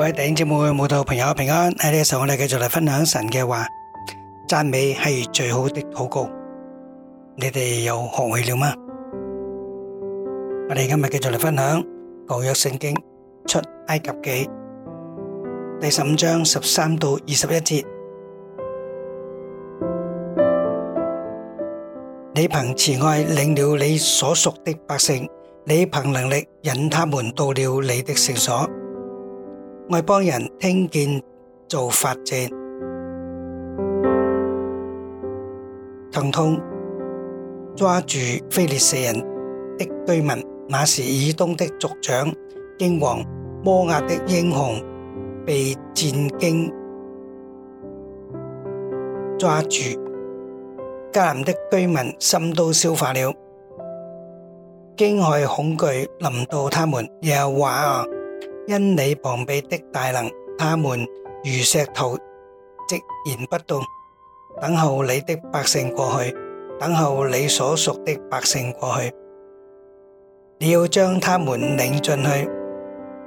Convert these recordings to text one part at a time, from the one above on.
各位電影節目嘅舞蹈朋友平安，喺呢個時候我哋繼續嚟分享神嘅話，讚美係最好的禱告，你哋有學會了嗎？我哋今日繼續嚟分享舊約聖經出埃及記第十五章十三到二十一節。你憑慈愛領了你所屬的百姓，你憑能力引他們到了你的聖所。外邦人聽見就發顫，疼痛抓住非利士人的居民，那時以東的族長，驚惶摩押的英雄被戰兢抓住，迦南的居民心都消化了，驚駭恐懼臨到他們又，又話。因你膀臂的大能，他們如石頭，寂然不動，等候你的百姓過去，等候你所屬的百姓過去。你要將他們領進去，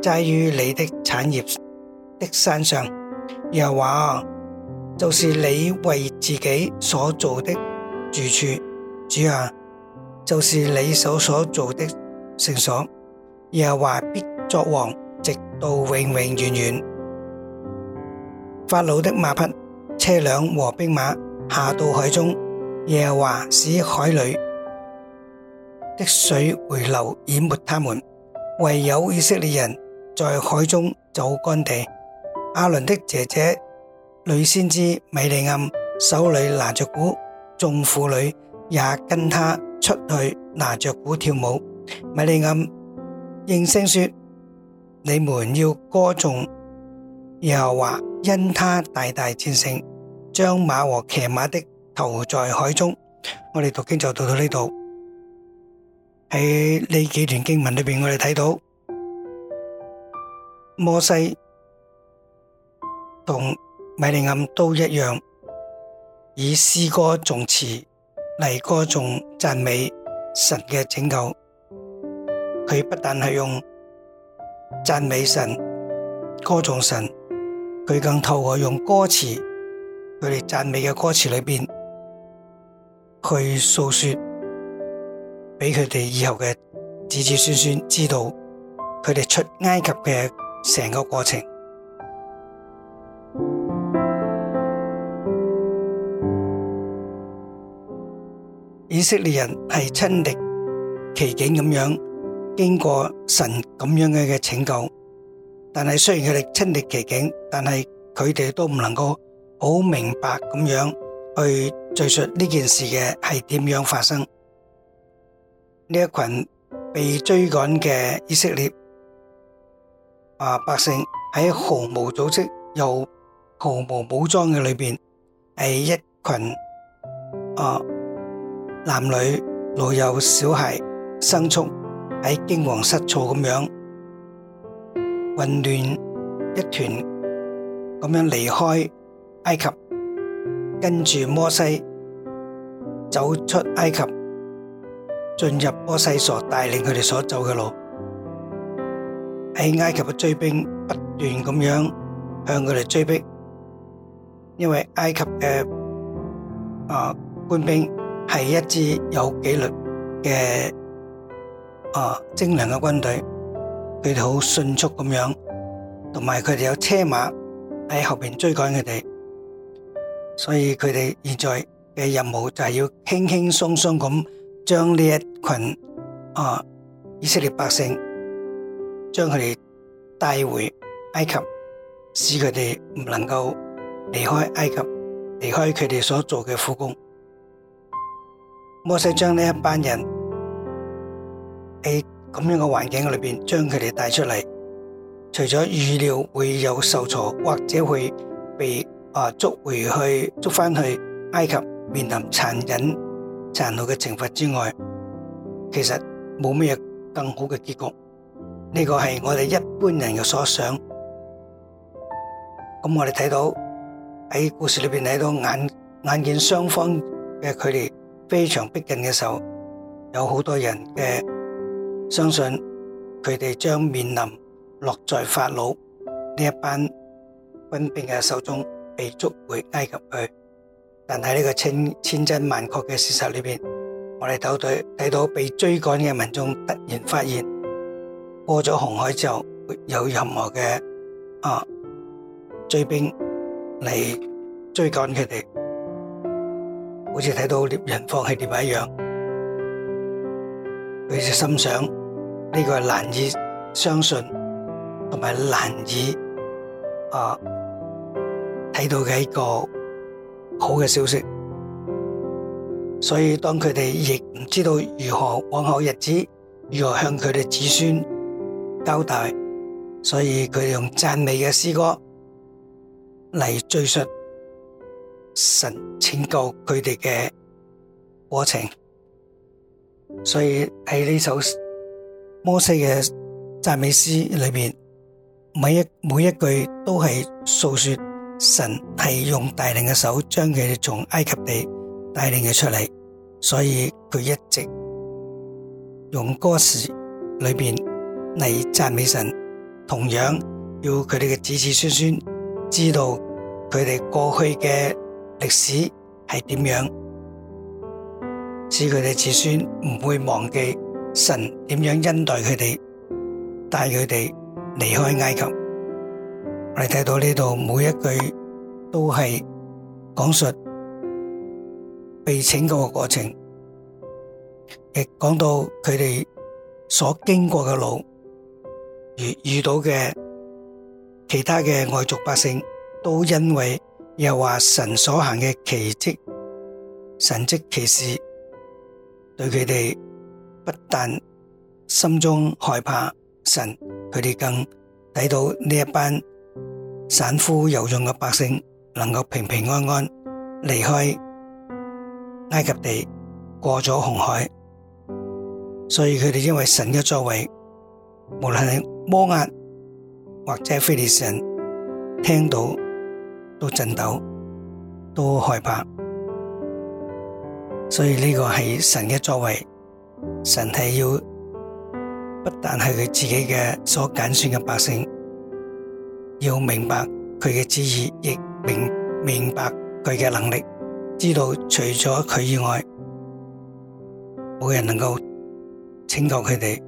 栽於你的產業的山上，又話就是你為自己所做的住處，主啊，就是你手所做的聖所，又話必作王。到永永遠遠。法老的馬匹、車輛和兵馬下到海中，耶華使海裏的水回流淹沒他們，唯有以色列人在海中走乾地。阿倫的姐姐女先知米利暗手裏拿着鼓，眾婦女也跟她出去拿着鼓跳舞。米利暗應聲說。你們要歌頌，又話因他大大戰勝，將馬和騎馬的投在海中。我哋讀經就讀到呢度。喺呢幾段經文裏邊，我哋睇到摩西同米利暗都一樣，以詩歌頌詞嚟歌頌讚美神嘅拯救。佢不但係用。讚美神，歌頌神，佢更透過用歌詞，佢哋讚美嘅歌詞裏邊，去訴說俾佢哋以後嘅子子孫孫知道，佢哋出埃及嘅成個過程。以色列人係親歷其境咁樣。經過神咁樣嘅嘅拯救，但係雖然佢哋親歷其境，但係佢哋都唔能夠好明白咁樣去敘述呢件事嘅係點樣發生。呢一群被追趕嘅以色列啊百姓喺毫無組織又毫無武裝嘅裏邊，係一群啊男女老幼小孩牲畜。喺驚惶失措咁樣混亂一團咁樣離開埃及，跟住摩西走出埃及，進入摩西所帶領佢哋所走嘅路。喺埃及嘅追兵不斷咁樣向佢哋追逼，因為埃及嘅啊官兵係一支有紀律嘅。啊，精良嘅軍隊，佢哋好迅速咁樣，同埋佢哋有車馬喺後邊追趕佢哋，所以佢哋現在嘅任務就係要輕輕鬆鬆咁將呢一群啊以色列百姓，將佢哋帶回埃及，使佢哋唔能夠離開埃及，離開佢哋所做嘅苦工。摩西將呢一班人。喺咁樣嘅環境裏邊，將佢哋帶出嚟，除咗預料會有受挫，或者會被啊捉回去、捉翻去埃及，面臨殘忍殘酷嘅懲罰之外，其實冇咩嘢更好嘅結局。呢個係我哋一般人嘅所想。咁我哋睇到喺故事裏邊睇到眼眼見雙方嘅距離非常逼近嘅時候，有好多人嘅。相信佢哋將面臨落在法老呢一班軍兵嘅手中，被捉回埃及去。但喺呢個千千真萬確嘅事實裏邊，我哋斗隊睇到被追趕嘅民眾突然發現，過咗紅海之後，沒有任何嘅啊追兵嚟追趕佢哋，好似睇到獵人放棄獵物一樣。佢哋心想呢、這個係難以相信，同埋難以啊睇到嘅一個好嘅消息，所以當佢哋亦唔知道如何往後日子，如何向佢哋子孫交代，所以佢用讚美嘅詩歌嚟追述神拯救佢哋嘅過程。所以喺呢首摩西嘅讚美詩裏邊，每一每一句都係訴說神係用帶領嘅手將佢哋從埃及地帶領佢出嚟，所以佢一直用歌詞裏邊嚟讚美神，同樣要佢哋嘅子子孫孫知道佢哋過去嘅歷史係點樣。使佢哋子孫唔會忘記神點樣恩待佢哋，帶佢哋離開埃及。你睇到呢度每一句都係講述被拯救嘅過程，亦講到佢哋所經過嘅路，遇遇到嘅其他嘅外族百姓，都因為又話神所行嘅奇跡、神跡奇事。對佢哋不但心中害怕神，佢哋更睇到呢一班散夫游眾嘅百姓能夠平平安安離開埃及地，過咗紅海，所以佢哋因為神嘅作為，無論係摩押或者非利士人聽到都震抖，都害怕。所以呢個係神嘅作為，神係要不但係佢自己嘅所揀選嘅百姓，要明白佢嘅旨意，亦明明白佢嘅能力，知道除咗佢以外，冇人能夠拯救佢哋。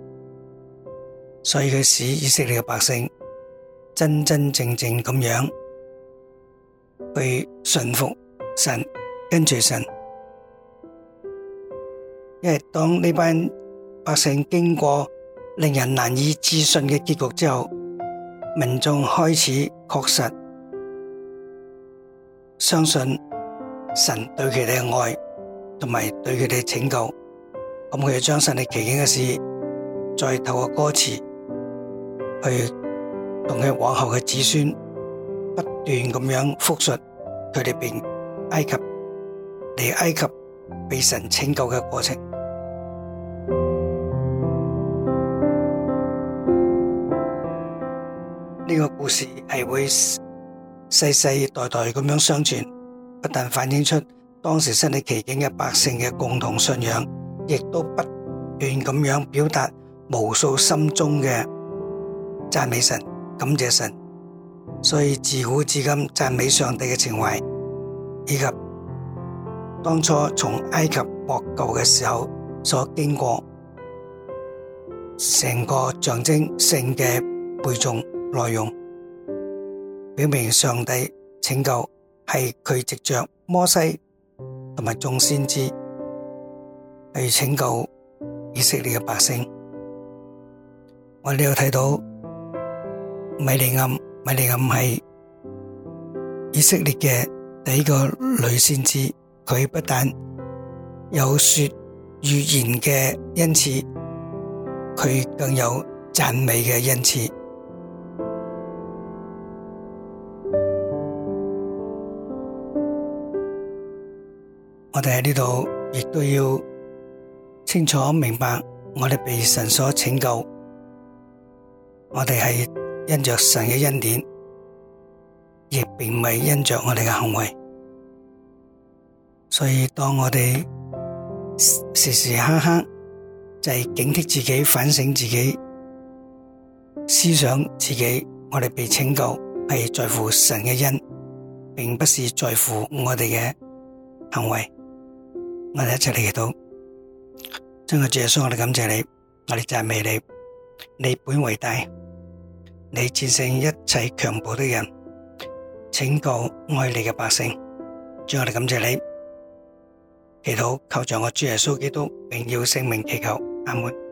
所以佢使以色列嘅百姓真真正正咁樣去信服神，跟住神。因為當這班百姓經過令人難以置信的結局之後，民眾開始確實相信神對佢哋嘅愛同埋對佢哋的拯救，咁佢就將神力奇景的事再透過歌詞去同佢往後的子孫不斷咁樣復述佢哋變埃及嚟埃及被神拯救的過程。呢個故事係會世世代代咁樣相傳，不但反映出當時身歷其境嘅百姓嘅共同信仰，亦都不斷咁樣表達無數心中嘅讚美神、感謝神。所以自古至今讚美上帝嘅情懷，以及當初從埃及獲救嘅時候所經過成個象徵性嘅背中。內容表明上帝拯救係佢藉着摩西同埋眾先知去拯救以色列嘅百姓。我哋又睇到米利暗，米利暗係以色列嘅第一個女先知，佢不但有說預言嘅恩賜，佢更有讚美嘅恩賜。我哋喺呢度亦都要清楚明白，我哋被神所拯救，我哋係因着神嘅恩典，亦並唔係因着我哋嘅行為。所以當我哋時時刻刻就係警惕自己、反省自己、思想自己，我哋被拯救係在乎神嘅恩，並不是在乎我哋嘅行為。我哋一齊嚟祈禱，將個主耶穌，我哋感謝你，我哋讚美你，你本為大，你戰勝一切強暴的人，拯救愛你嘅百姓，主我哋感謝你，祈禱靠着我主耶穌基督榮耀聖名祈求，阿門。